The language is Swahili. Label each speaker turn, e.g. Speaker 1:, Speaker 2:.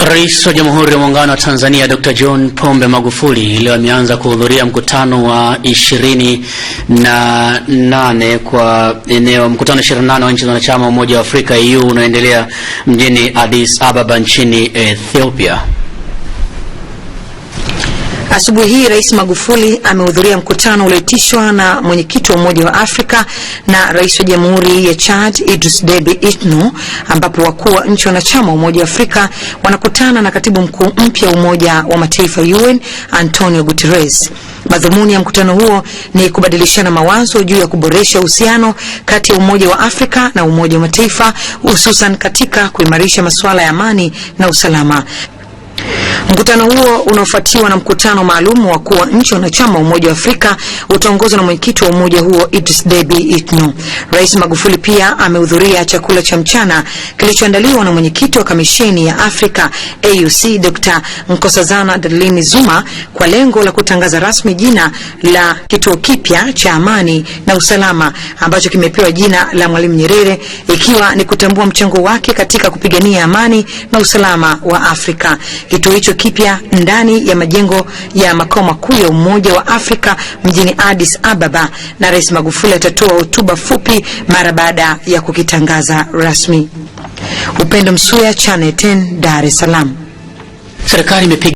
Speaker 1: Rais wa Jamhuri ya Muungano wa Tanzania Dr. John Pombe Magufuli leo ameanza kuhudhuria mkutano wa ishirini na nane kwa eneo mkutano ishirini nane wa nchi za wanachama Umoja wa Afrika EU unaoendelea mjini Addis Ababa nchini Ethiopia.
Speaker 2: Asubuhi hii Rais Magufuli amehudhuria mkutano ulioitishwa na mwenyekiti wa Umoja wa Afrika na Rais wa Jamhuri ya Chad Idris Deby Itno, ambapo wakuu wa nchi wanachama wa Umoja wa Afrika wanakutana na katibu mkuu mpya wa Umoja wa Mataifa UN Antonio Guterres. Madhumuni ya mkutano huo ni kubadilishana mawazo juu ya kuboresha uhusiano kati ya Umoja wa Afrika na Umoja wa Mataifa, hususan katika kuimarisha masuala ya amani na usalama. Mkutano huo unaofuatiwa na mkutano maalum wa kuwa nchi wanachama Umoja wa Afrika utaongozwa na mwenyekiti wa umoja huo Idris Deby Itno. Rais Magufuli pia amehudhuria chakula cha mchana kilichoandaliwa na mwenyekiti wa Kamisheni ya Afrika AUC Dr. Nkosazana Dadlini Zuma kwa lengo la kutangaza rasmi jina la kituo kipya cha amani na usalama ambacho kimepewa jina la Mwalimu Nyerere ikiwa ni kutambua mchango wake katika kupigania amani na usalama wa Afrika. Kituo hicho kipya ndani ya majengo ya makao makuu ya Umoja wa Afrika mjini Addis Ababa, na Rais Magufuli atatoa hotuba fupi mara baada ya kukitangaza rasmi. Upendo Msuya, Channel 10, Dar es Salaam. Serikali imepiga